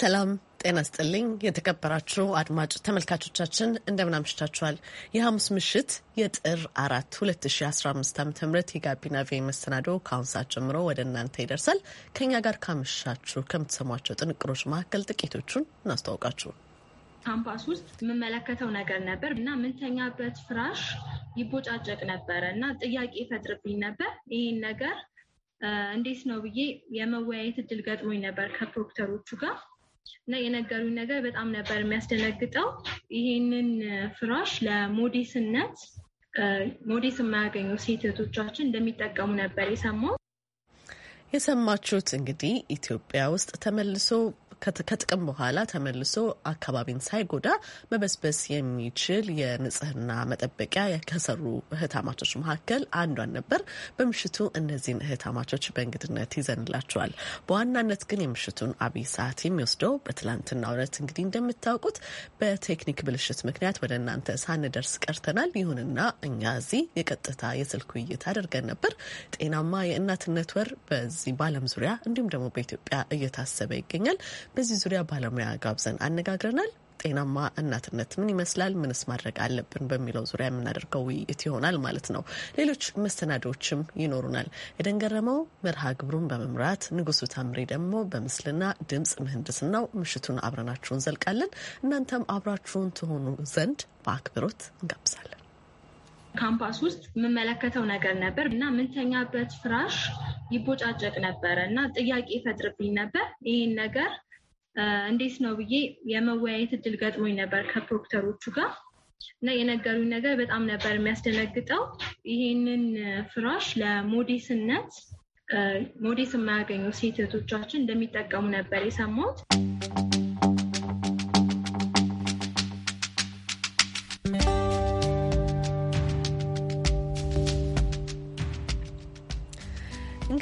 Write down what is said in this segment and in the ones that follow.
ሰላም ጤና ስጥልኝ። የተከበራችሁ አድማጭ ተመልካቾቻችን እንደምን አምሽታችኋል? የሐሙስ ምሽት የጥር አራት 2015 ዓ ም የጋቢና ቪ መሰናዶ ከአሁን ሰዓት ጀምሮ ወደ እናንተ ይደርሳል። ከእኛ ጋር ካመሻችሁ ከምትሰሟቸው ጥንቅሮች መካከል ጥቂቶቹን እናስተዋውቃችሁ። ካምፓስ ውስጥ የምመለከተው ነገር ነበር እና ምንተኛበት ፍራሽ ይቦጫጨቅ ነበረ እና ጥያቄ ይፈጥርብኝ ነበር። ይህን ነገር እንዴት ነው ብዬ የመወያየት እድል ገጥሞኝ ነበር ከፕሮክተሮቹ ጋር እና የነገሩኝ ነገር በጣም ነበር የሚያስደነግጠው። ይህንን ፍራሽ ለሞዴስነት ሞዴስ የማያገኙ ሴት እህቶቻችን እንደሚጠቀሙ ነበር የሰማው። የሰማችሁት እንግዲህ ኢትዮጵያ ውስጥ ተመልሶ ከጥቅም በኋላ ተመልሶ አካባቢን ሳይጎዳ መበስበስ የሚችል የንጽህና መጠበቂያ ከሰሩ እህታማቾች መካከል አንዷን ነበር። በምሽቱ እነዚህን እህታማቾች በእንግድነት ይዘንላቸዋል። በዋናነት ግን የምሽቱን አብይ ሰዓት የሚወስደው በትላንትና ዕለት እንግዲህ እንደምታውቁት በቴክኒክ ብልሽት ምክንያት ወደ እናንተ ሳንደርስ ቀርተናል። ይሁንና እኛ እዚህ የቀጥታ የስልክ ውይይት አድርገን ነበር። ጤናማ የእናትነት ወር በዚህ በዓለም ዙሪያ እንዲሁም ደግሞ በኢትዮጵያ እየታሰበ ይገኛል። በዚህ ዙሪያ ባለሙያ ጋብዘን አነጋግረናል። ጤናማ እናትነት ምን ይመስላል? ምንስ ማድረግ አለብን? በሚለው ዙሪያ የምናደርገው ውይይት ይሆናል ማለት ነው። ሌሎች መሰናዶዎችም ይኖሩናል። የደንገረመው መርሃ ግብሩን በመምራት ንጉሱ ታምሬ ደግሞ በምስልና ድምፅ ምህንድስናው ምሽቱን አብረናችሁን ዘልቃለን። እናንተም አብራችሁን ትሆኑ ዘንድ በአክብሮት እንጋብዛለን። ካምፓስ ውስጥ የምመለከተው ነገር ነበር እና ምንተኛበት ፍራሽ ይቦጫጨቅ ነበረ እና ጥያቄ ይፈጥርብኝ ነበር ይህን ነገር እንዴት ነው ብዬ የመወያየት እድል ገጥሞኝ ነበር ከፕሮክተሮቹ ጋር እና የነገሩኝ ነገር በጣም ነበር የሚያስደነግጠው። ይሄንን ፍራሽ ለሞዴስነት ሞዴስ የማያገኙ ሴት እህቶቻችን እንደሚጠቀሙ ነበር የሰማሁት።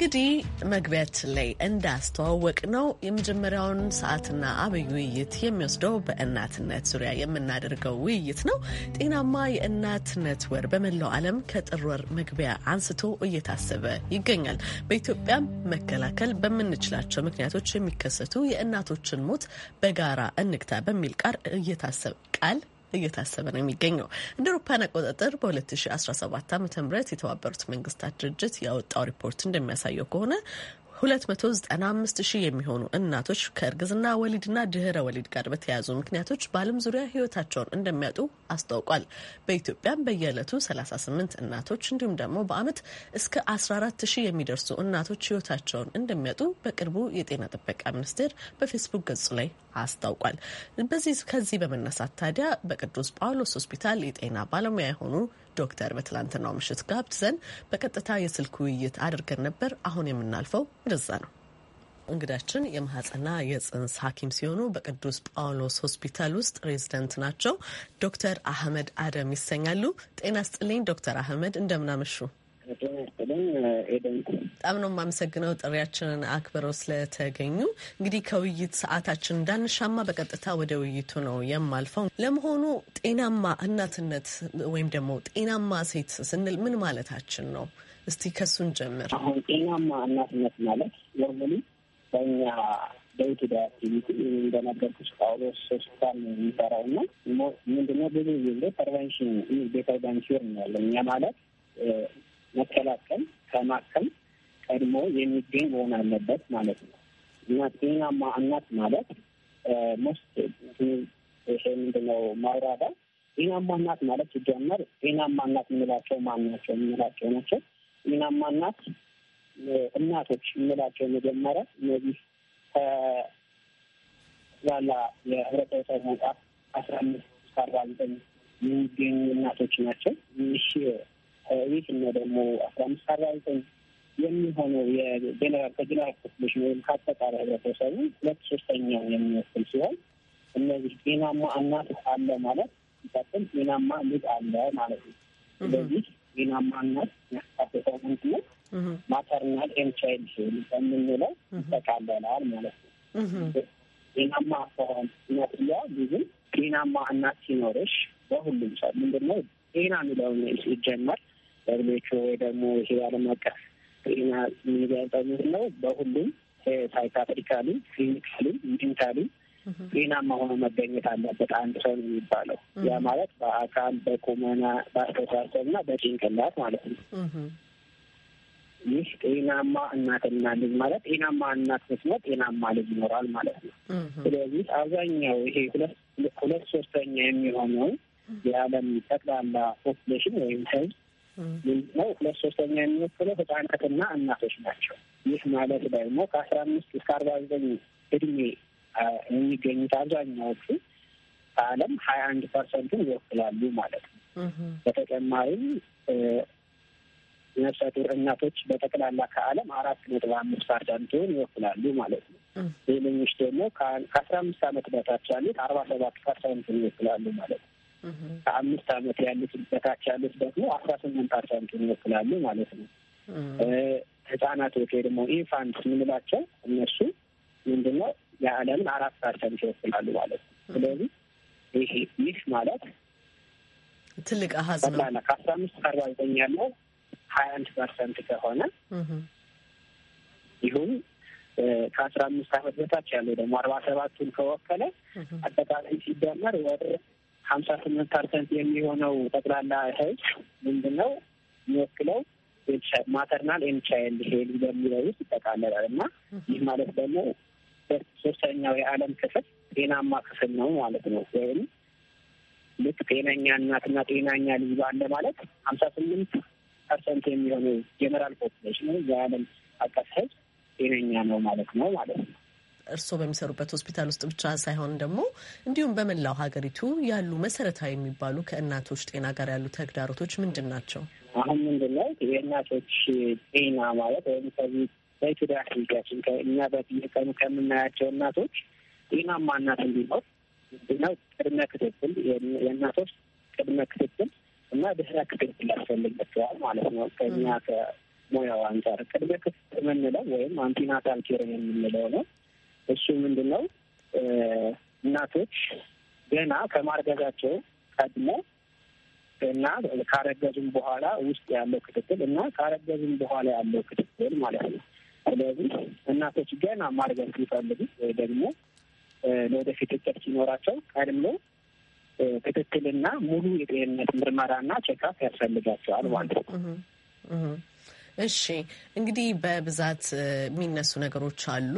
እንግዲህ መግቢያት ላይ እንዳስተዋወቅ ነው የመጀመሪያውን ሰዓትና አብይ ውይይት የሚወስደው በእናትነት ዙሪያ የምናደርገው ውይይት ነው። ጤናማ የእናትነት ወር በመላው ዓለም ከጥር ወር መግቢያ አንስቶ እየታሰበ ይገኛል። በኢትዮጵያም መከላከል በምንችላቸው ምክንያቶች የሚከሰቱ የእናቶችን ሞት በጋራ እንግታ በሚል ቃል እየታሰበ ቃል እየታሰበ ነው የሚገኘው። እንደ አውሮፓውያን አቆጣጠር በ2017 ዓ ም የተባበሩት መንግስታት ድርጅት ያወጣው ሪፖርት እንደሚያሳየው ከሆነ 295 ሺህ የሚሆኑ እናቶች ከእርግዝና ወሊድና ድህረ ወሊድ ጋር በተያያዙ ምክንያቶች በዓለም ዙሪያ ህይወታቸውን እንደሚያጡ አስታውቋል። በኢትዮጵያም በየዕለቱ 38 እናቶች እንዲሁም ደግሞ በዓመት እስከ 14 ሺህ የሚደርሱ እናቶች ህይወታቸውን እንደሚያጡ በቅርቡ የጤና ጥበቃ ሚኒስቴር በፌስቡክ ገጹ ላይ አስታውቋል። በዚህ ከዚህ በመነሳት ታዲያ በቅዱስ ጳውሎስ ሆስፒታል የጤና ባለሙያ የሆኑ ዶክተር በትላንትናው ምሽት ጋብዘን በቀጥታ የስልክ ውይይት አድርገን ነበር። አሁን የምናልፈው ወደዛ ነው። እንግዳችን የማህፀንና የጽንስ ሐኪም ሲሆኑ በቅዱስ ጳውሎስ ሆስፒታል ውስጥ ሬዚደንት ናቸው። ዶክተር አህመድ አደም ይሰኛሉ። ጤና ስጥልኝ ዶክተር አህመድ እንደምናመሹ? ጤና ስጥልኝ ኤደን። በጣም ነው የማመሰግነው ጥሪያችንን አክብረው ስለተገኙ። እንግዲህ ከውይይት ሰዓታችን እንዳንሻማ በቀጥታ ወደ ውይይቱ ነው የማልፈው። ለመሆኑ ጤናማ እናትነት ወይም ደግሞ ጤናማ ሴት ስንል ምን ማለታችን ነው? እስቲ ከሱን ጀምር። አሁን ጤናማ እናትነት ማለት ኖርማሊ በእኛ በኢትዮጵያ አክቲቪቲ እንደነገርኩሽ ጳውሎስ ሆስፒታል የሚሰራው እና ምንድነው ብዙ ጊዜ ፕሪቨንሽን ቤተርዳንሽር ነው ያለ እኛ ማለት መከላከል ከማከም ቀድሞ የሚገኝ መሆን አለበት ማለት ነው እና ጤናማ እናት ማለት ሞስት ይሄ ምንድነው ማውራዳ ጤናማ እናት ማለት ሲጀመር ጤናማ እናት የምላቸው ማን ናቸው የምላቸው ናቸው። ጤናማ እናት እናቶች የምላቸው መጀመሪያ እነዚህ ከላላ የህብረተሰብ መጽሐፍ አስራ አምስት አስራ አርባ ዘጠኝ የሚገኙ እናቶች ናቸው። ይህ ዊክ እና ደግሞ አስራ አምስት አርባ ዘጠኝ የሚሆኑ የጀነራል ከጀነራል ፖፑሌሽን ወይም ከአጠቃላይ ህብረተሰቡ ሁለት ሶስተኛው የሚወስል ሲሆን እነዚህ ጤናማ እናት አለ ማለት ሲቀጥል ጤናማ ልጅ አለ ማለት ነው። ስለዚህ ጤናማ እናት ያስካተተው ነው? ማተርናል ኤንድ ቻይልድ የምንለው ይጠቃለላል ማለት ነው። ጤናማ ከሆን ነጥያ ብዙ ጤናማ እናት ሲኖርሽ በሁሉም ሰው ምንድነው ጤና የሚለውን ሲጀመር በእድሜያቸው ወይ ደግሞ ይሄ ዓለም አቀፍ ጤና የሚገልጠው ምንድን ነው? በሁሉም ሳይካትሪካልም፣ ክሊኒካልም፣ ሜንታልም ጤናማ ሆኖ መገኘት አለበት አንድ ሰው የሚባለው ያ ማለት በአካል በቁመና እና በጭንቅላት ማለት ነው። ይህ ጤናማ እናትና ልጅ ማለት ጤናማ እናት ስትኖር ጤናማ ልጅ ይኖራል ማለት ነው። ስለዚህ አብዛኛው ይሄ ሁለት ሶስተኛ የሚሆነው የዓለም ጠቅላላ ፖፕሌሽን ወይም ህዝብ ነው። ሁለት ሶስተኛ የሚወክለው ህጻናትና እናቶች ናቸው። ይህ ማለት ደግሞ ከአስራ አምስት እስከ አርባ ዘጠኝ እድሜ የሚገኙት አብዛኛዎቹ ከዓለም ሀያ አንድ ፐርሰንቱን ይወክላሉ ማለት ነው። በተጨማሪም ነፍሰ ጡር እናቶች በጠቅላላ ከዓለም አራት ነጥብ አምስት ፐርሰንቱን ይወክላሉ ማለት ነው። ሌሎች ደግሞ ከአስራ አምስት ዓመት በታች ያሉት አርባ ሰባት ፐርሰንቱን ይወክላሉ ማለት ነው። ከአምስት አመት ያሉት በታች ያሉት ደግሞ አስራ ስምንት ፐርሰንት ይወክላሉ ማለት ነው። ህጻናት ወይ ደግሞ ኢንፋንት የምንላቸው እነሱ ምንድነው የዓለምን አራት ፐርሰንት ይወክላሉ ማለት ነው። ስለዚህ ይሄ ይህ ማለት ትልቅ አሀዝ ነው። ከአስራ አምስት ከአርባ ዘጠኝ ያለው ሀያ አንድ ፐርሰንት ከሆነ ይሁን ከአስራ አምስት አመት በታች ያለው ደግሞ አርባ ሰባቱን ከወከለ አጠቃላይ ሲደመር ወደ ሀምሳ ስምንት ፐርሰንት የሚሆነው ጠቅላላ ህዝብ ምንድን ነው የሚወክለው ማተርናል ኤንድ ቻይልድ ሄልዝ በሚለው ውስጥ ይጠቃለላል እና ይህ ማለት ደግሞ ሶስተኛው የዓለም ክፍል ጤናማ ክፍል ነው ማለት ነው። ወይም ልክ ጤነኛ እናትና ጤናኛ ልጅ ባለ ማለት ሀምሳ ስምንት ፐርሰንት የሚሆነው ጄኔራል ፖፕሌሽን የዓለም አቀፍ ህዝብ ጤነኛ ነው ማለት ነው ማለት ነው። እርስዎ በሚሰሩበት ሆስፒታል ውስጥ ብቻ ሳይሆን ደግሞ እንዲሁም በመላው ሀገሪቱ ያሉ መሰረታዊ የሚባሉ ከእናቶች ጤና ጋር ያሉ ተግዳሮቶች ምንድን ናቸው? አሁን ምንድን ነው የእናቶች ጤና ማለት ወይም ከዚህ በኢትዮጵያ ህዝጋችን እኛ በየቀኑ ከምናያቸው እናቶች ጤናማ እናት እንዲኖር ምንድነው ቅድመ ክትትል የእናቶች ቅድመ ክትትል እና ድህረ ክትትል ያስፈልጋቸዋል ማለት ነው። ከኛ ከሙያው አንጻር ቅድመ ክትትል የምንለው ወይም አንቲናታል ኬር የምንለው ነው። እሱ ምንድን ነው እናቶች ገና ከማርገዛቸው ቀድሞ እና ካረገዙም በኋላ ውስጥ ያለው ክትትል እና ካረገዙም በኋላ ያለው ክትትል ማለት ነው። ስለዚህ እናቶች ገና ማርገዝ ሲፈልጉ ወይ ደግሞ ለወደፊት እቅድ ሲኖራቸው ቀድሞ ክትትልና ሙሉ የጤንነት ምርመራና ቼካፕ ያስፈልጋቸዋል ማለት ነው። እሺ እንግዲህ በብዛት የሚነሱ ነገሮች አሉ።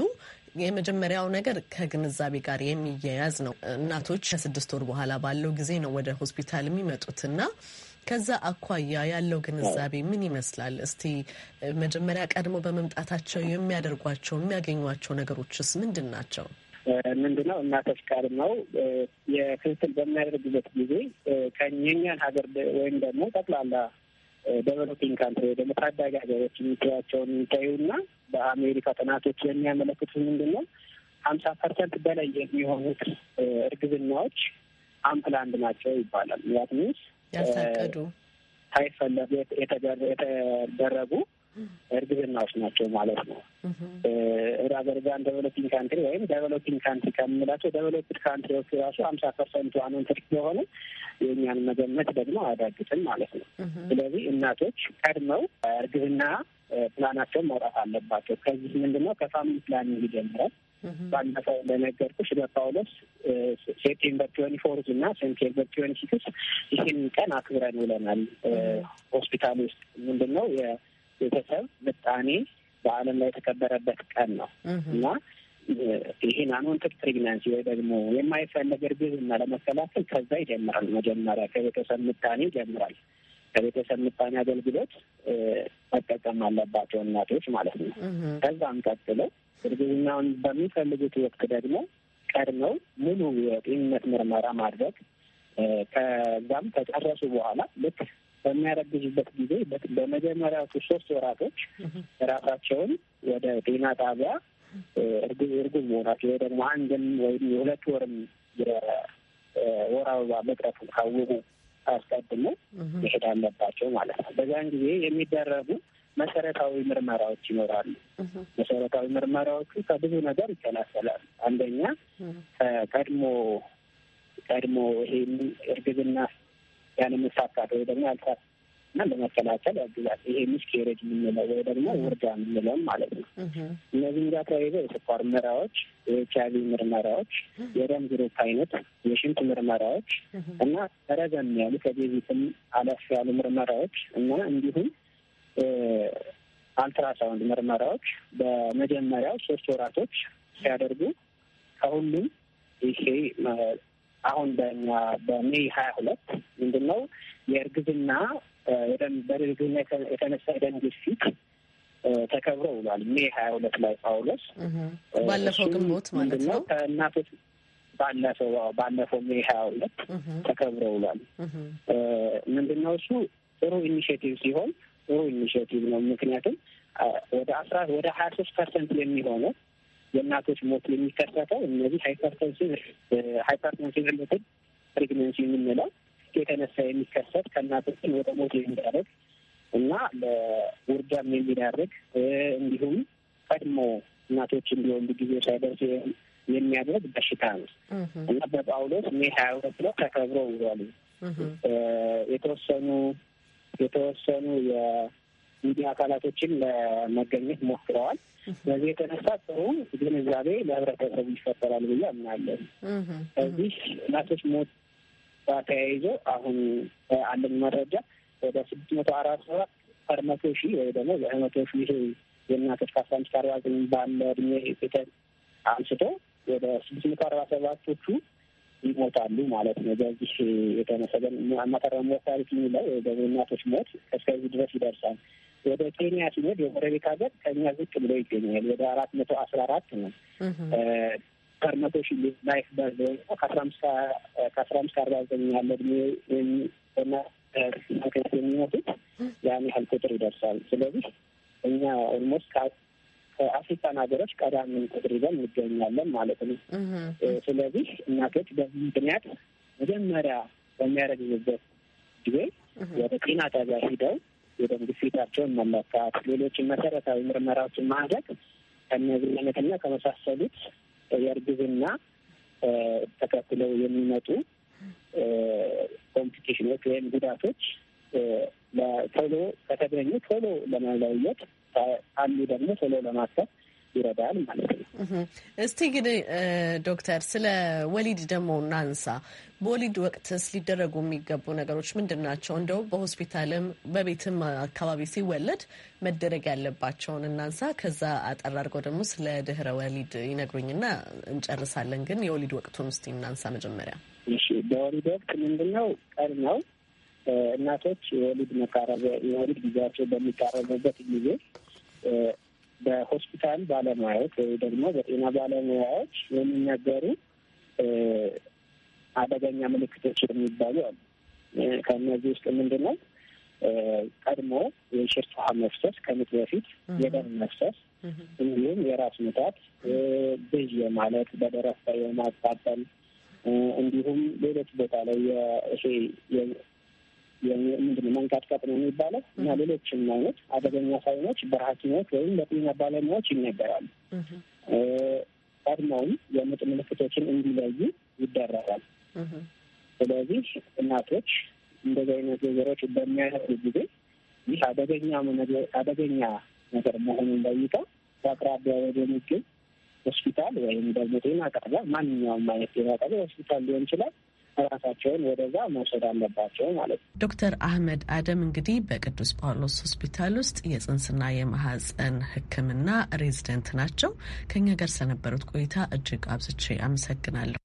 የመጀመሪያው ነገር ከግንዛቤ ጋር የሚያያዝ ነው። እናቶች ከስድስት ወር በኋላ ባለው ጊዜ ነው ወደ ሆስፒታል የሚመጡት እና ከዛ አኳያ ያለው ግንዛቤ ምን ይመስላል? እስቲ መጀመሪያ ቀድሞ በመምጣታቸው የሚያደርጓቸው የሚያገኟቸው ነገሮችስ ምንድን ናቸው? ምንድነው እናቶች ቀድመው የክትትል በሚያደርጉበት ጊዜ ከኛን ሀገር ወይም ደግሞ ጠቅላላ ደቨሎፒንግ ካንትሪ ወይ ደግሞ ታዳጊ ሀገሮች የሚገባቸውን የሚታዩና በአሜሪካ ጥናቶች የሚያመለክቱት ምንድን ነው ሀምሳ ፐርሰንት በላይ የሚሆኑት እርግዝናዎች አምፕላንድ ናቸው ይባላል። ያት ሚንስ ሳይፈለጉ የተደረጉ እርግዝናዎች ናቸው ማለት ነው። አዘርባይጃን ደቨሎፒንግ ካንትሪ ወይም ደቨሎፒንግ ካንትሪ ከምንላቸው ደቨሎፕድ ካንትሪዎች ራሱ ሀምሳ ዋኑን ትርክ የሆነ የእኛን መገመት ደግሞ አያዳግጥም ማለት ነው። ስለዚህ እናቶች ቀድመው እርግዝና ፕላናቸውን ማውጣት አለባቸው። ከዚህ ምንድነው ከፋሚሊ ፕላኒንግ ይጀምራል። ባለፈው እንደነገርኩሽ በጳውሎስ ሴፕቴምበር ትዌንቲ ፎርዝ እና ሴፕቴምበር ትዌንቲ ሲክስ ይህን ቀን አክብረን ውለናል። ሆስፒታል ውስጥ ምንድነው ቤተሰብ ምጣኔ በዓለም ላይ የተከበረበት ቀን ነው እና ይህን አንወንትድ ፕሬግናንሲ ወይ ደግሞ የማይፈለግ እርግዝና ለመከላከል ከዛ ይጀምራል። መጀመሪያ ከቤተሰብ ምጣኔ ይጀምራል። ከቤተሰብ ምጣኔ አገልግሎት መጠቀም አለባቸው እናቶች ማለት ነው። ከዛም ቀጥሎ እርግዝናውን በሚፈልጉት ወቅት ደግሞ ቀድመው ሙሉ የጤንነት ምርመራ ማድረግ ከዛም ከጨረሱ በኋላ ልክ በሚያረግዙበት ጊዜ በመጀመሪያዎቹ ሶስት ወራቶች ራሳቸውን ወደ ጤና ጣቢያ እርጉዝ እርጉዝ መሆናቸው ወይ ደግሞ አንድም ወይም የሁለት ወርም የወር አበባ መቅረቱን ካወቁ አስቀድሞ መሄድ አለባቸው ማለት ነው። በዚያን ጊዜ የሚደረጉ መሰረታዊ ምርመራዎች ይኖራሉ። መሰረታዊ ምርመራዎቹ ከብዙ ነገር ይከላከላሉ። አንደኛ ከቀድሞ ቀድሞ ይሄ እርግዝና ያን መሳካት ወይ ደግሞ ያልታ እና ለመከላከል ያግዛል። ይሄ ሚስኬሬጅ የምንለው ወይ ደግሞ ውርጃ የምንለውም ማለት ነው። እነዚህም ጋር ተያይዘው የስኳር ምርመራዎች፣ የኤች ምርመራዎች፣ የደም ግሩፕ አይነት፣ የሽንት ምርመራዎች እና ረዘም ያሉ ከቤዚትም አለፍ ያሉ ምርመራዎች እና እንዲሁም አልትራሳውንድ ምርመራዎች በመጀመሪያው ሶስት ወራቶች ሲያደርጉ ከሁሉም ይሄ አሁን በሜይ ሀያ ሁለት ምንድን ነው የእርግዝና በእርግዝና የተነሳ የደም ግፊት ተከብሮ ውሏል። ሜይ ሀያ ሁለት ላይ ጳውሎስ ባለፈው ግንቦት ማለት ነው ከእናቶች ባለፈው ባለፈው ሜይ ሀያ ሁለት ተከብሮ ውሏል። ምንድን ነው እሱ ጥሩ ኢኒሽቲቭ ሲሆን ጥሩ ኢኒሽቲቭ ነው። ምክንያቱም ወደ አስራ ወደ ሀያ ሶስት ፐርሰንት የሚሆነው የእናቶች ሞት የሚከሰተው እነዚህ ሃይፐርቴንሲቭ ሃይፐርቴንሲቭ ሪሌትድ ፕሬግነንሲ የምንለው የተነሳ የሚከሰት ከእናቶችን ወደ ሞት የሚዳረግ እና ለውርጃም የሚዳርግ እንዲሁም ቀድሞ እናቶች እንዲወልዱ ጊዜ ሳይደርስ የሚያደርግ በሽታ ነው እና በጳውሎስ ሜ ሀያ ሁለት ላይ ተከብሮ ውሏል። የተወሰኑ የተወሰኑ ሚዲያ አካላቶችን ለመገኘት ሞክረዋል። በዚህ የተነሳ ጥሩ ግንዛቤ ለህብረተሰቡ ይፈጠራል ብዬ አምናለሁ። ከዚህ እናቶች ሞት ጋር ተያይዞ አሁን አለን መረጃ ወደ ስድስት መቶ አራት ሰባት ፐር መቶ ሺህ ወይ ደግሞ በመቶ ሺህ የእናቶች ከአስራ አምስት አርባ ዘጠኝ ባለ እድሜ ቤተን አንስቶ ወደ ስድስት መቶ አርባ ሰባቶቹ ይሞታሉ ማለት ነው። በዚህ የተነሰገን ማተራ ሞታሪቲ የሚለው ደግሞ እናቶች ሞት እስከዚህ ድረስ ይደርሳል። ወደ ኬንያ ሲሄድ የጎረቤት ሀገር ከኛ ዝቅ ብሎ ይገኛል። ወደ አራት መቶ አስራ አራት ነው ከርመቶ ሽል ሺህ ላይፍ ባዝ ከአስራ አምስት ከአስራ አምስት አርባ ዘጠኝ ያለ እድሜና ከት የሚሞቱት ያን ያህል ቁጥር ይደርሳል። ስለዚህ እኛ ኦልሞስት ከአፍሪካን ሀገሮች ቀዳሚን ቁጥር ይዘን እንገኛለን ማለት ነው። ስለዚህ እናቶች በዚህ ምክንያት መጀመሪያ በሚያረግዝበት ጊዜ ወደ ጤና ጣቢያ ሂደው የደም ግፊታቸውን መለካት፣ ሌሎችን መሰረታዊ ምርመራዎችን ማድረግ ከነዚህ አይነትና ከመሳሰሉት የእርግዝና ተከትለው የሚመጡ ኮምፕሊኬሽኖች ወይም ጉዳቶች ቶሎ ከተገኙ ቶሎ ለመለየት አሉ ደግሞ ቶሎ ለማሰብ ይረዳል ማለት ነው። እስቲ ግን ዶክተር ስለ ወሊድ ደግሞ እናንሳ። በወሊድ ወቅትስ ሊደረጉ የሚገቡ ነገሮች ምንድን ናቸው? እንደው በሆስፒታልም በቤትም አካባቢ ሲወለድ መደረግ ያለባቸውን እናንሳ። ከዛ አጠራርገው ደግሞ ስለ ድህረ ወሊድ ይነግሩኝና እንጨርሳለን። ግን የወሊድ ወቅቱን እስቲ እናንሳ መጀመሪያ። እሺ፣ በወሊድ ወቅት ምንድነው ቀን ነው እናቶች የወሊድ መቃረቢያ የወሊድ ጊዜያቸው በሚቃረቡበት ጊዜ በሆስፒታል ባለሙያዎች ወይ ደግሞ በጤና ባለሙያዎች የሚነገሩ አደገኛ ምልክቶች የሚባሉ አሉ። ከእነዚህ ውስጥ ምንድን ነው ቀድሞ የሽርት ውሃ መፍሰስ፣ ከምጥ በፊት የደም መፍሰስ፣ እንዲሁም የራስ ምታት፣ ብዥ ማለት፣ በደረት ላይ የማቃጠል እንዲሁም ሌሎች ቦታ ላይ ይሄ ምንድነው መንቀጥቀጥ ነው የሚባለው እና ሌሎችም አይነት አደገኛ ሳይኖች በሐኪሞች ወይም በጤና ባለሙያዎች ይነገራሉ። ቀድሞውም የምጥ ምልክቶችን እንዲለዩ ይደረጋል። ስለዚህ እናቶች እንደዚህ አይነት ነገሮች በሚያደርጉ ጊዜ ይህ አደገኛ አደገኛ ነገር መሆኑን ለይተው በአቅራቢያ ወደሚገኝ ሆስፒታል ወይም ደግሞ ጤና ጣቢያ ማንኛውም አይነት ጤና ጣቢያ ሆስፒታል ሊሆን ይችላል ራሳቸውን ወደዛ መውሰድ አለባቸው ማለት ነው። ዶክተር አህመድ አደም እንግዲህ በቅዱስ ጳውሎስ ሆስፒታል ውስጥ የጽንስና የማህፀን ሕክምና ሬዚደንት ናቸው። ከኛ ጋር ስለነበሩት ቆይታ እጅግ አብዝቼ አመሰግናለሁ።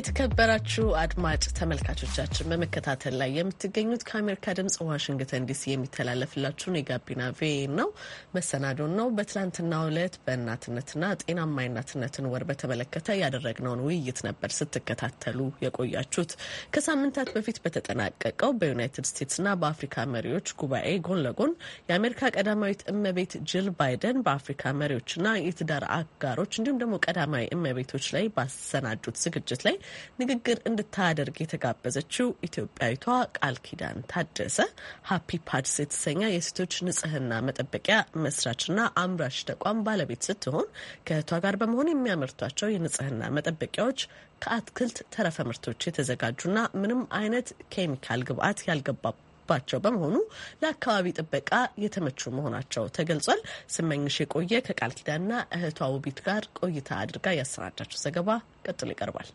የተከበራችሁ አድማጭ ተመልካቾቻችን በመከታተል ላይ የምትገኙት ከአሜሪካ ድምጽ ዋሽንግተን ዲሲ የሚተላለፍላችሁን የጋቢና ቬ ነው መሰናዶን ነው። በትናንትናው ዕለት በእናትነትና ጤናማ የእናትነትን ወር በተመለከተ ያደረግነውን ውይይት ነበር ስትከታተሉ የቆያችሁት። ከሳምንታት በፊት በተጠናቀቀው በዩናይትድ ስቴትስና በአፍሪካ መሪዎች ጉባኤ ጎን ለጎን የአሜሪካ ቀዳማዊት እመቤት ጅል ባይደን በአፍሪካ መሪዎችና የትዳር አጋሮች እንዲሁም ደግሞ ቀዳማዊ እመቤቶች ላይ ባሰናዱት ዝግጅት ላይ ንግግር እንድታደርግ የተጋበዘችው ኢትዮጵያዊቷ ቃል ኪዳን ታደሰ ሀፒ ፓድስ የተሰኘ የሴቶች ንጽህና መጠበቂያ መስራችና አምራች ተቋም ባለቤት ስትሆን ከእህቷ ጋር በመሆን የሚያመርቷቸው የንጽህና መጠበቂያዎች ከአትክልት ተረፈ ምርቶች የተዘጋጁና ምንም አይነት ኬሚካል ግብአት ያልገባባቸው በመሆኑ ለአካባቢ ጥበቃ የተመቹ መሆናቸው ተገልጿል። ስመኝሽ የቆየ ከቃል ኪዳንና እህቷ ውቢት ጋር ቆይታ አድርጋ ያሰናዳችው ዘገባ ቀጥሎ ይቀርባል።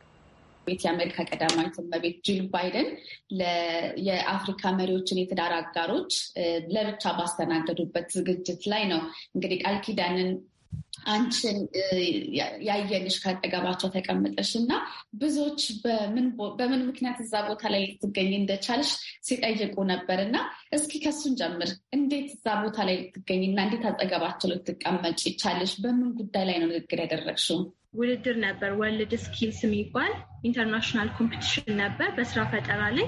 ቤት የአሜሪካ ቀዳማዊት እመቤት ጂል ባይደን የአፍሪካ መሪዎችን የትዳር አጋሮች ለብቻ ባስተናገዱበት ዝግጅት ላይ ነው እንግዲህ ቃል ኪዳንን አንቺን ያየንሽ ካጠገባቸው ተቀምጠሽ እና ብዙዎች በምን ምክንያት እዛ ቦታ ላይ ልትገኝ እንደቻልሽ ሲጠይቁ ነበር እና እስኪ ከሱን ጀምር። እንዴት እዛ ቦታ ላይ ልትገኝ እና እንዴት አጠገባቸው ልትቀመጭ ይቻልሽ? በምን ጉዳይ ላይ ነው ንግግር ያደረግሽው? ውድድር ነበር። ወርልድ ስኪልስ የሚባል ኢንተርናሽናል ኮምፒቲሽን ነበር በስራ ፈጠራ ላይ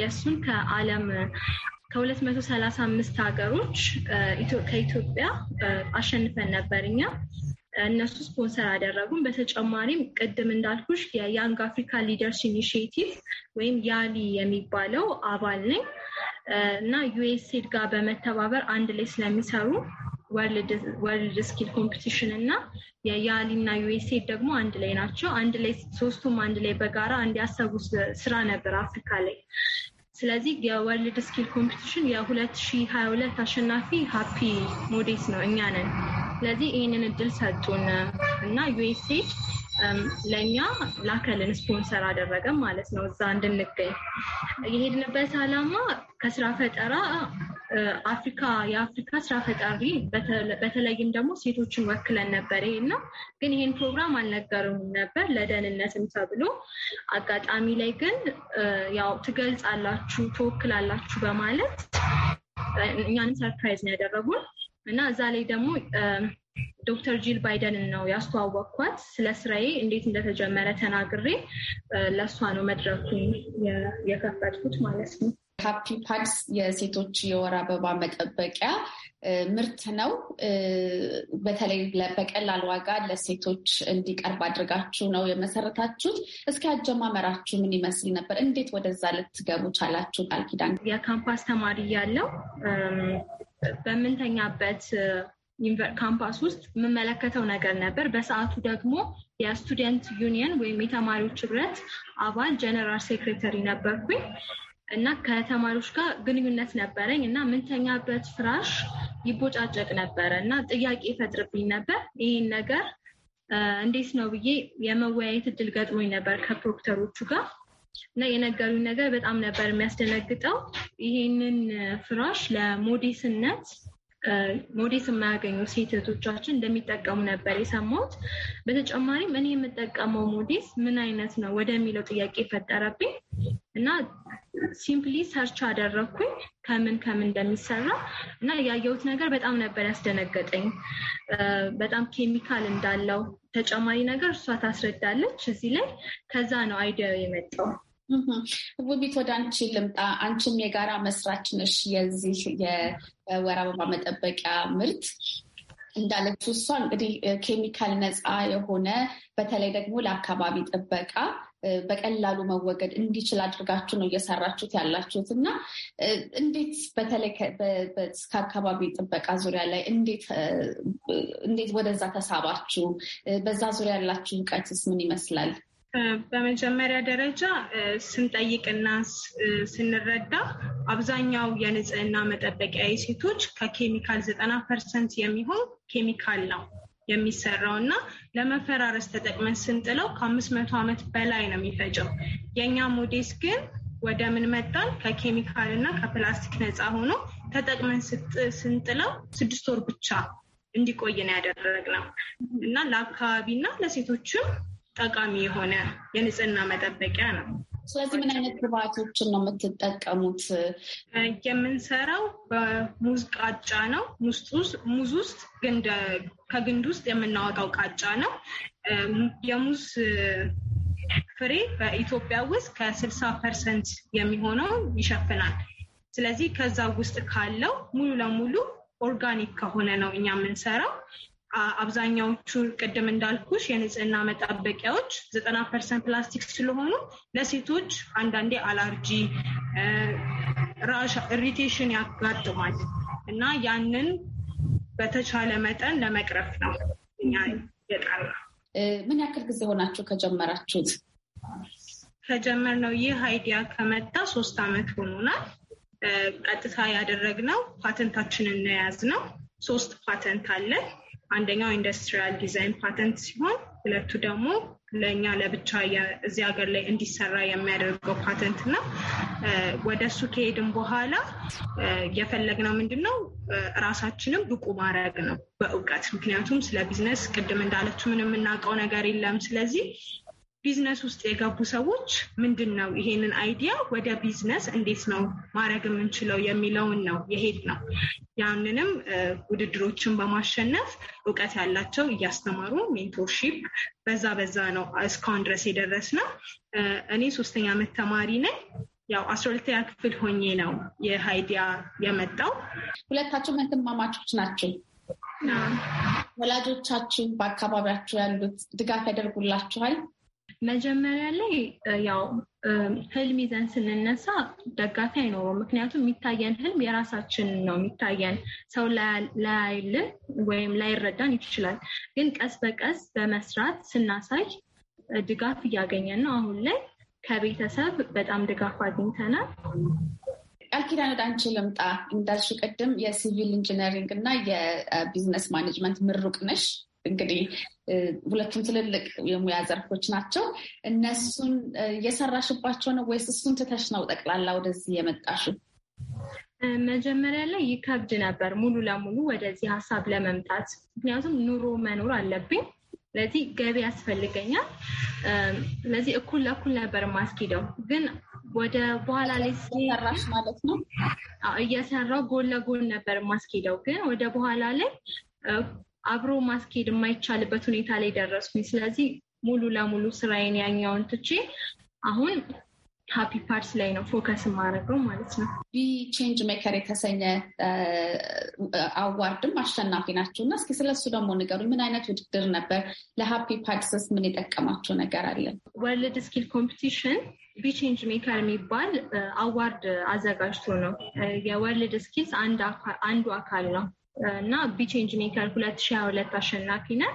የእሱን ከዓለም ከ235 ሀገሮች ከኢትዮጵያ አሸንፈን ነበር እኛ። እነሱ ስፖንሰር አደረጉም በተጨማሪም ቅድም እንዳልኩሽ የያንግ አፍሪካ ሊደርስ ኢኒሽቲቭ ወይም ያሊ የሚባለው አባል ነኝ እና ዩኤስኤድ ጋር በመተባበር አንድ ላይ ስለሚሰሩ ወርልድ ስኪል ኮምፒቲሽን እና የያሊ እና ዩኤስኤ ደግሞ አንድ ላይ ናቸው። አንድ ላይ ሶስቱም አንድ ላይ በጋራ እንዲያሰቡ ስራ ነበር አፍሪካ ላይ። ስለዚህ የወርልድ ስኪል ኮምፒቲሽን የ2022 አሸናፊ ሀፒ ሞዴስ ነው እኛ ነን። ስለዚህ ይህንን እድል ሰጡን እና ዩኤስኤ ለእኛ ላከልን ስፖንሰር አደረገን ማለት ነው። እዛ እንድንገኝ የሄድንበት ዓላማ ከስራ ፈጠራ አፍሪካ የአፍሪካ ስራ ፈጣሪ በተለይም ደግሞ ሴቶችን ወክለን ነበር። ይሄና ግን ይሄን ፕሮግራም አልነገርም ነበር ለደህንነትም ተብሎ አጋጣሚ ላይ ግን ያው ትገልጻላችሁ፣ ትወክላላችሁ በማለት እኛንም ሰርፕራይዝ ነው ያደረጉን እና እዛ ላይ ደግሞ ዶክተር ጂል ባይደንን ነው ያስተዋወቅኳት። ስለ ስራዬ እንዴት እንደተጀመረ ተናግሬ ለእሷ ነው መድረኩን የከፈትኩት ማለት ነው። ሀፒ ፓድስ የሴቶች የወር አበባ መጠበቂያ ምርት ነው። በተለይ በቀላል ዋጋ ለሴቶች እንዲቀርብ አድርጋችሁ ነው የመሰረታችሁት። እስኪ አጀማመራችሁ ምን ይመስል ነበር? እንዴት ወደዛ ልትገቡ ቻላችሁ? ቃል ኪዳን የካምፓስ ተማሪ ያለው በምንተኛበት ካምፓስ ውስጥ የምመለከተው ነገር ነበር። በሰዓቱ ደግሞ የስቱደንት ዩኒየን ወይም የተማሪዎች ህብረት አባል ጀነራል ሴክሬተሪ ነበርኩኝ እና ከተማሪዎች ጋር ግንኙነት ነበረኝ እና ምንተኛበት ፍራሽ ይቦጫጨቅ ነበረ እና ጥያቄ ይፈጥርብኝ ነበር። ይህን ነገር እንዴት ነው ብዬ የመወያየት እድል ገጥሞኝ ነበር ከፕሮክተሮቹ ጋር እና የነገሩኝ ነገር በጣም ነበር የሚያስደነግጠው። ይህንን ፍራሽ ለሞዴስነት ሞዴስ የማያገኙ ሴት እህቶቻችን እንደሚጠቀሙ ነበር የሰማሁት። በተጨማሪም እኔ የምጠቀመው ሞዴስ ምን አይነት ነው ወደሚለው ጥያቄ ፈጠረብኝ እና ሲምፕሊ ሰርች አደረግኩኝ ከምን ከምን እንደሚሰራ እና ያየሁት ነገር በጣም ነበር ያስደነገጠኝ። በጣም ኬሚካል እንዳለው ተጨማሪ ነገር እሷ ታስረዳለች እዚህ ላይ። ከዛ ነው አይዲያው የመጣው። ውቢት ወደ አንቺ ልምጣ። አንቺም የጋራ መስራች ነሽ የዚህ የወር አበባ መጠበቂያ ምርት እንዳለችው እሷ እንግዲህ ኬሚካል ነፃ የሆነ በተለይ ደግሞ ለአካባቢ ጥበቃ በቀላሉ መወገድ እንዲችል አድርጋችሁ ነው እየሰራችሁት ያላችሁት እና እንዴት በተለይ ከአካባቢ ጥበቃ ዙሪያ ላይ እንዴት ወደዛ ተሳባችሁ? በዛ ዙሪያ ያላችሁ እውቀትስ ምን ይመስላል? በመጀመሪያ ደረጃ ስንጠይቅና ስንረዳ አብዛኛው የንጽህና መጠበቂያ የሴቶች ከኬሚካል ዘጠና ፐርሰንት የሚሆን ኬሚካል ነው የሚሰራው እና ለመፈራረስ ተጠቅመን ስንጥለው ከአምስት መቶ ዓመት በላይ ነው የሚፈጀው። የእኛ ሞዴስ ግን ወደ ምን መጣን? ከኬሚካል እና ከፕላስቲክ ነፃ ሆኖ ተጠቅመን ስንጥለው ስድስት ወር ብቻ እንዲቆይ ነው ያደረግነው እና ለአካባቢና ለሴቶችም ጠቃሚ የሆነ የንጽህና መጠበቂያ ነው። ስለዚህ ምን አይነት ግብአቶችን ነው የምትጠቀሙት? የምንሰራው በሙዝ ቃጫ ነው። ሙዝ ውስጥ ከግንድ ውስጥ የምናወጣው ቃጫ ነው። የሙዝ ፍሬ በኢትዮጵያ ውስጥ ከስልሳ ፐርሰንት የሚሆነው ይሸፍናል። ስለዚህ ከዛ ውስጥ ካለው ሙሉ ለሙሉ ኦርጋኒክ ከሆነ ነው እኛ የምንሰራው። አብዛኛዎቹ ቅድም እንዳልኩሽ የንጽህና መጠበቂያዎች ዘጠና ፐርሰንት ፕላስቲክ ስለሆኑ ለሴቶች አንዳንዴ አላርጂ ኢሪቴሽን ያጋጥማል እና ያንን በተቻለ መጠን ለመቅረፍ ነው እኛ የጠራ። ምን ያክል ጊዜ ሆናችሁ ከጀመራችሁት? ከጀመርነው ይህ አይዲያ ከመጣ ሶስት አመት ሆኖናል። ቀጥታ ያደረግነው ፓተንታችንን ነያዝ ነው። ሶስት ፓተንት አለን። አንደኛው ኢንዱስትሪያል ዲዛይን ፓተንት ሲሆን ሁለቱ ደግሞ ለእኛ ለብቻ እዚህ ሀገር ላይ እንዲሰራ የሚያደርገው ፓተንት እና ወደ እሱ ከሄድን በኋላ የፈለግነው ምንድን ነው ራሳችንም ብቁ ማድረግ ነው በእውቀት። ምክንያቱም ስለ ቢዝነስ ቅድም እንዳለችው ምንም የምናውቀው ነገር የለም። ስለዚህ ቢዝነስ ውስጥ የገቡ ሰዎች ምንድን ነው ይሄንን አይዲያ ወደ ቢዝነስ እንዴት ነው ማድረግ የምንችለው የሚለውን ነው የሄድ ነው። ያንንም ውድድሮችን በማሸነፍ እውቀት ያላቸው እያስተማሩ ሜንቶርሺፕ በዛ በዛ ነው እስካሁን ድረስ የደረስ ነው። እኔ ሶስተኛ ዓመት ተማሪ ነኝ። ያው አስራ ሁለተኛ ክፍል ሆኜ ነው ይህ አይዲያ የመጣው። ሁለታቸው መንትማማቾች ናቸው። ወላጆቻችን በአካባቢያቸው ያሉት ድጋፍ ያደርጉላችኋል? መጀመሪያ ላይ ያው ህልም ይዘን ስንነሳ ደጋፊ አይኖረው ምክንያቱም የሚታየን ህልም የራሳችን ነው የሚታየን ሰው ላያይልን ወይም ላይረዳን ይችላል። ግን ቀስ በቀስ በመስራት ስናሳይ ድጋፍ እያገኘን ነው። አሁን ላይ ከቤተሰብ በጣም ድጋፍ አግኝተናል። ቃል ኪዳን ወደ አንቺ ልምጣ። እንዳልሽ ቅድም የሲቪል ኢንጂነሪንግ እና የቢዝነስ ማኔጅመንት ምሩቅ ነሽ። እንግዲህ ሁለቱም ትልልቅ የሙያ ዘርፎች ናቸው። እነሱን እየሰራሽባቸው ነው ወይስ እሱን ትተሽ ነው ጠቅላላ ወደዚህ የመጣሽው? መጀመሪያ ላይ ይከብድ ነበር ሙሉ ለሙሉ ወደዚህ ሀሳብ ለመምጣት ምክንያቱም ኑሮ መኖር አለብኝ። ስለዚህ ገቢ ያስፈልገኛል። ስለዚህ እኩል ለእኩል ነበር ማስኪደው ግን ወደ በኋላ ላይ ማለት ነው እየሰራው ጎን ለጎን ነበር የማስኪደው ግን ወደ በኋላ ላይ አብሮ ማስኬድ የማይቻልበት ሁኔታ ላይ ደረስኩኝ። ስለዚህ ሙሉ ለሙሉ ስራዬን ያኛውን ትቼ አሁን ሀፒ ፓርትስ ላይ ነው ፎከስ የማደርገው ማለት ነው። ቢ ቼንጅ ሜከር የተሰኘ አዋርድም አሸናፊ ናቸው እና እስኪ ስለሱ ደግሞ ንገሩ። ምን አይነት ውድድር ነበር? ለሀፒ ፓርትስስ ምን የጠቀማቸው ነገር አለ? ወርልድ ስኪል ኮምፒቲሽን ቢ ቼንጅ ሜከር የሚባል አዋርድ አዘጋጅቶ ነው። የወርልድ ስኪልስ አንዱ አካል ነው። እና ቢቼንጅ ሜከር 2022 ሺህ አሸናፊ ነን።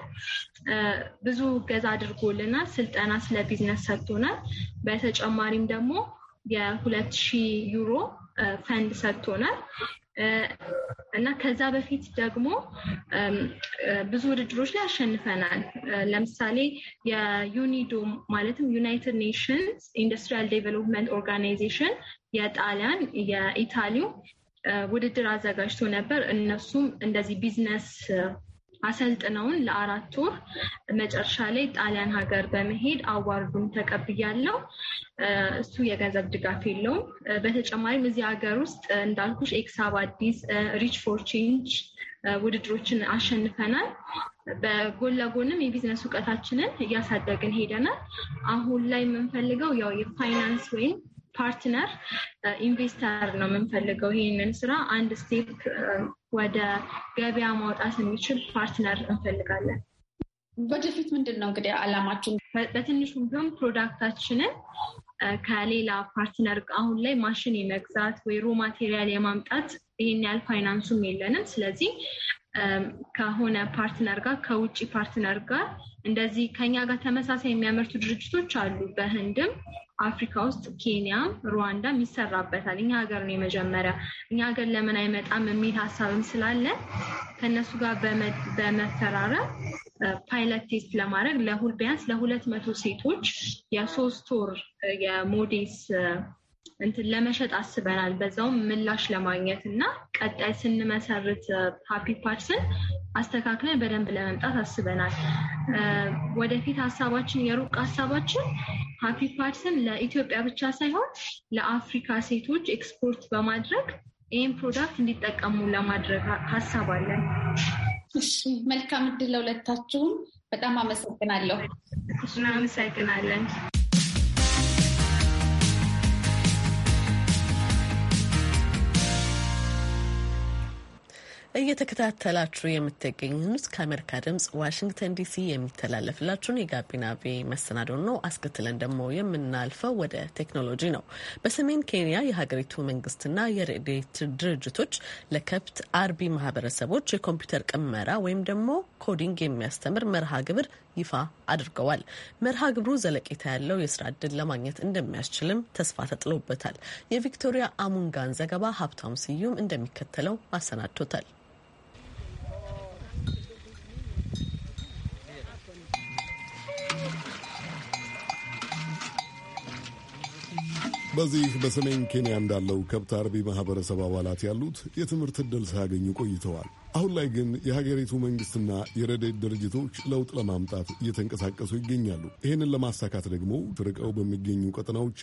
ብዙ እገዛ አድርጎልናል። ስልጠና ስለ ቢዝነስ ሰጥቶናል። በተጨማሪም ደግሞ የሁለት ሺህ ዩሮ ፈንድ ሰጥቶናል እና ከዛ በፊት ደግሞ ብዙ ውድድሮች ላይ አሸንፈናል። ለምሳሌ የዩኒዶ ማለትም ዩናይትድ ኔሽንስ ኢንዱስትሪያል ዴቨሎፕመንት ኦርጋናይዜሽን የጣሊያን የኢታሊው ውድድር አዘጋጅቶ ነበር። እነሱም እንደዚህ ቢዝነስ አሰልጥነውን ለአራት ወር መጨረሻ ላይ ጣሊያን ሀገር በመሄድ አዋርዱን ተቀብያለው። እሱ የገንዘብ ድጋፍ የለውም። በተጨማሪም እዚህ ሀገር ውስጥ እንዳልኩሽ ኤክሳብ አዲስ፣ ሪች ፎር ቼንጅ ውድድሮችን አሸንፈናል። በጎን ለጎንም የቢዝነስ እውቀታችንን እያሳደግን ሄደናል። አሁን ላይ የምንፈልገው ያው የፋይናንስ ወይም ፓርትነር ኢንቨስተር ነው የምንፈልገው። ይህንን ስራ አንድ ስቴፕ ወደ ገበያ ማውጣት የሚችል ፓርትነር እንፈልጋለን። ወደፊት ምንድን ነው እንግዲህ አላማችን? በትንሹም ቢሆን ፕሮዳክታችንን ከሌላ ፓርትነር አሁን ላይ ማሽን የመግዛት ወይ ሮ ማቴሪያል የማምጣት ይህን ያህል ፋይናንሱም የለንም። ስለዚህ ከሆነ ፓርትነር ጋር ከውጭ ፓርትነር ጋር እንደዚህ ከኛ ጋር ተመሳሳይ የሚያመርቱ ድርጅቶች አሉ። በህንድም አፍሪካ ውስጥ ኬንያም ሩዋንዳም ይሰራበታል። እኛ ሀገር ነው የመጀመሪያ። እኛ ሀገር ለምን አይመጣም የሚል ሀሳብም ስላለ ከእነሱ ጋር በመፈራረብ ፓይለት ቴስት ለማድረግ ለሁል ቢያንስ ለሁለት መቶ ሴቶች የሶስት ወር የሞዴስ እንትን ለመሸጥ አስበናል። በዛውም ምላሽ ለማግኘት እና ቀጣይ ስንመሰርት ሀፒ ፓርስን አስተካክለን በደንብ ለመምጣት አስበናል። ወደፊት ሀሳባችን የሩቅ ሀሳባችን ሀፒ ፓርስን ለኢትዮጵያ ብቻ ሳይሆን ለአፍሪካ ሴቶች ኤክስፖርት በማድረግ ይህን ፕሮዳክት እንዲጠቀሙ ለማድረግ ሀሳብ አለን። እሺ፣ መልካም እድል ለሁለታችሁም። በጣም አመሰግናለሁ። እናመሰግናለን። እየተከታተላችሁ የምትገኙት ከአሜሪካ ድምጽ ዋሽንግተን ዲሲ የሚተላለፍላችሁን የጋቢና ቪ መሰናዶን ነው። አስከትለን ደግሞ የምናልፈው ወደ ቴክኖሎጂ ነው። በሰሜን ኬንያ የሀገሪቱ መንግስትና የረድኤት ድርጅቶች ለከብት አርቢ ማህበረሰቦች የኮምፒውተር ቅመራ ወይም ደግሞ ኮዲንግ የሚያስተምር መርሃ ግብር ይፋ አድርገዋል። መርሃ ግብሩ ዘለቄታ ያለው የስራ እድል ለማግኘት እንደሚያስችልም ተስፋ ተጥሎበታል። የቪክቶሪያ አሙንጋን ዘገባ ሀብታሙ ስዩም እንደሚከተለው አሰናድቶታል። በዚህ በሰሜን ኬንያ እንዳለው ከብት አርቢ ማህበረሰብ አባላት ያሉት የትምህርት ዕድል ሳያገኙ ቆይተዋል። አሁን ላይ ግን የሀገሪቱ መንግስትና የረዴድ ድርጅቶች ለውጥ ለማምጣት እየተንቀሳቀሱ ይገኛሉ። ይህንን ለማሳካት ደግሞ ርቀው በሚገኙ ቀጠናዎች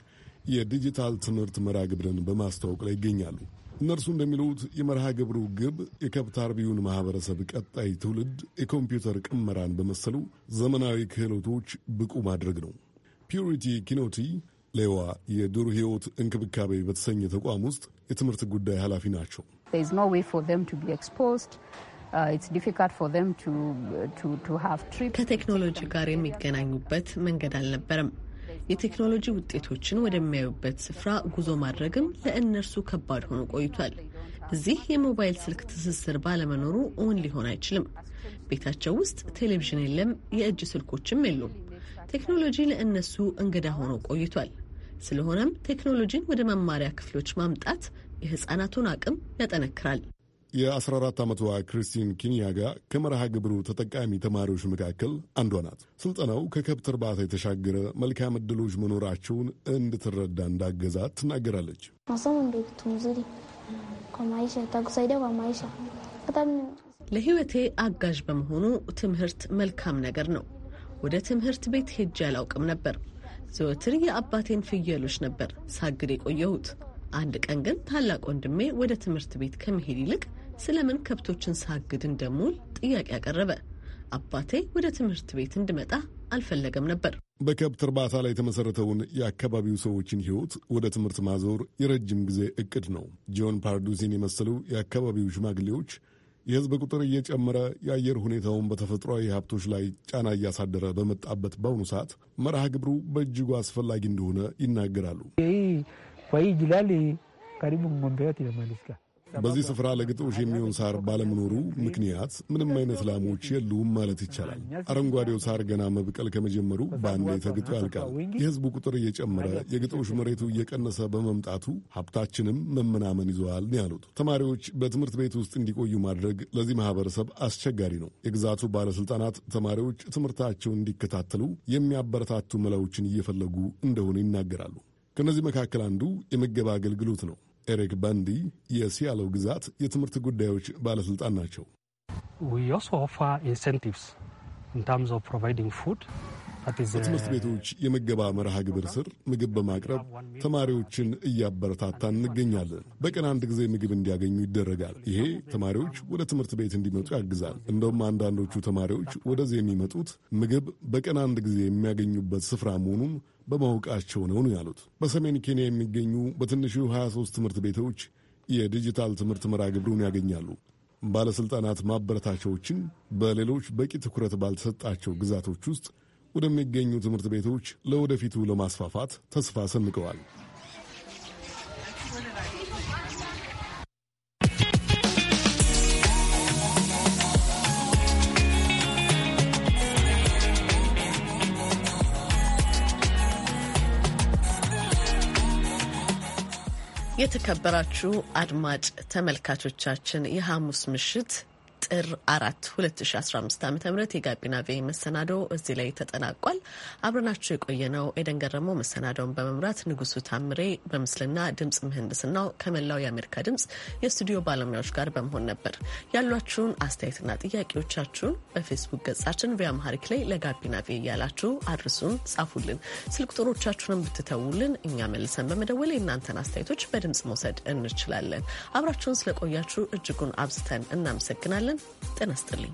የዲጂታል ትምህርት መርሃ ግብርን በማስተዋወቅ ላይ ይገኛሉ። እነርሱ እንደሚሉት የመርሃ ግብሩ ግብ የከብት አርቢውን ማህበረሰብ ቀጣይ ትውልድ የኮምፒውተር ቅመራን በመሰሉ ዘመናዊ ክህሎቶች ብቁ ማድረግ ነው። ፒዩሪቲ ኪኖቲ ሌዋ የዱር ሕይወት እንክብካቤ በተሰኘ ተቋም ውስጥ የትምህርት ጉዳይ ኃላፊ ናቸው። uh, ከቴክኖሎጂ ጋር የሚገናኙበት መንገድ አልነበረም። የቴክኖሎጂ ውጤቶችን ወደሚያዩበት ስፍራ ጉዞ ማድረግም ለእነርሱ ከባድ ሆኖ ቆይቷል። እዚህ የሞባይል ስልክ ትስስር ባለመኖሩ እውን ሊሆን አይችልም። ቤታቸው ውስጥ ቴሌቪዥን የለም፣ የእጅ ስልኮችም የሉም። ቴክኖሎጂ ለእነሱ እንግዳ ሆኖ ቆይቷል። ስለሆነም ቴክኖሎጂን ወደ መማሪያ ክፍሎች ማምጣት የህጻናቱን አቅም ያጠነክራል። የ14 ዓመቷ ክሪስቲን ኪንያጋ ከመርሃ ግብሩ ተጠቃሚ ተማሪዎች መካከል አንዷ ናት። ስልጠናው ከከብት እርባታ የተሻገረ መልካም ዕድሎች መኖራቸውን እንድትረዳ እንዳገዛ ትናገራለች። ለህይወቴ አጋዥ በመሆኑ ትምህርት መልካም ነገር ነው። ወደ ትምህርት ቤት ሄጄ አላውቅም ነበር። ዘወትር የአባቴን ፍየሎች ነበር ሳግድ የቆየሁት። አንድ ቀን ግን ታላቅ ወንድሜ ወደ ትምህርት ቤት ከመሄድ ይልቅ ስለምን ከብቶችን ሳግድ እንደምውል ጥያቄ አቀረበ። አባቴ ወደ ትምህርት ቤት እንድመጣ አልፈለገም ነበር። በከብት እርባታ ላይ የተመሠረተውን የአካባቢው ሰዎችን ሕይወት ወደ ትምህርት ማዞር የረጅም ጊዜ እቅድ ነው። ጆን ፓርዱሲን የመሰሉ የአካባቢው ሽማግሌዎች የህዝብ ቁጥር እየጨመረ የአየር ሁኔታውን በተፈጥሯዊ ሀብቶች ላይ ጫና እያሳደረ በመጣበት በአሁኑ ሰዓት መርሃ ግብሩ በእጅጉ አስፈላጊ እንደሆነ ይናገራሉ። በዚህ ስፍራ ለግጦሽ የሚሆን ሳር ባለመኖሩ ምክንያት ምንም አይነት ላሞች የሉም ማለት ይቻላል። አረንጓዴው ሳር ገና መብቀል ከመጀመሩ በአንዴ ተግጦ ያልቃል። የህዝቡ ቁጥር እየጨመረ የግጦሽ መሬቱ እየቀነሰ በመምጣቱ ሀብታችንም መመናመን ይዘዋል ነው ያሉት። ተማሪዎች በትምህርት ቤት ውስጥ እንዲቆዩ ማድረግ ለዚህ ማህበረሰብ አስቸጋሪ ነው። የግዛቱ ባለስልጣናት ተማሪዎች ትምህርታቸውን እንዲከታተሉ የሚያበረታቱ መላዎችን እየፈለጉ እንደሆነ ይናገራሉ። ከእነዚህ መካከል አንዱ የምገባ አገልግሎት ነው። ኤሪክ ባንዲ የሲያለው ግዛት የትምህርት ጉዳዮች ባለሥልጣን ናቸው። በትምህርት ቤቶች የምገባ መርሃ ግብር ስር ምግብ በማቅረብ ተማሪዎችን እያበረታታን እንገኛለን። በቀን አንድ ጊዜ ምግብ እንዲያገኙ ይደረጋል። ይሄ ተማሪዎች ወደ ትምህርት ቤት እንዲመጡ ያግዛል። እንደውም አንዳንዶቹ ተማሪዎች ወደዚህ የሚመጡት ምግብ በቀን አንድ ጊዜ የሚያገኙበት ስፍራ መሆኑን በማወቃቸው ነው ነው ያሉት። በሰሜን ኬንያ የሚገኙ በትንሹ 23 ትምህርት ቤቶች የዲጂታል ትምህርት መርሃ ግብሩን ያገኛሉ። ባለሥልጣናት ማበረታቻዎችን በሌሎች በቂ ትኩረት ባልተሰጣቸው ግዛቶች ውስጥ ወደሚገኙ ትምህርት ቤቶች ለወደፊቱ ለማስፋፋት ተስፋ ሰንቀዋል። የተከበራችሁ አድማጭ ተመልካቾቻችን የሐሙስ ምሽት ጥር አራት 2015 ዓ ም የጋቢና ቬ መሰናዶ እዚህ ላይ ተጠናቋል። አብረናችሁ የቆየነው ኤደን ገረመው መሰናዶውን በመምራት ንጉሱ ታምሬ በምስልና ድምፅ ምህንድስናው ከመላው የአሜሪካ ድምፅ የስቱዲዮ ባለሙያዎች ጋር በመሆን ነበር። ያሏችሁን አስተያየትና ጥያቄዎቻችሁን በፌስቡክ ገጻችን ቪያምሃሪክ ላይ ለጋቢና ቬ እያላችሁ አድርሱን፣ ጻፉልን። ስልክ ቁጥሮቻችሁንም ብትተውልን እኛ መልሰን በመደወል የእናንተን አስተያየቶች በድምፅ መውሰድ እንችላለን። አብራችሁን ስለቆያችሁ እጅጉን አብዝተን እናመሰግናለን። ጤና ይስጥልኝ።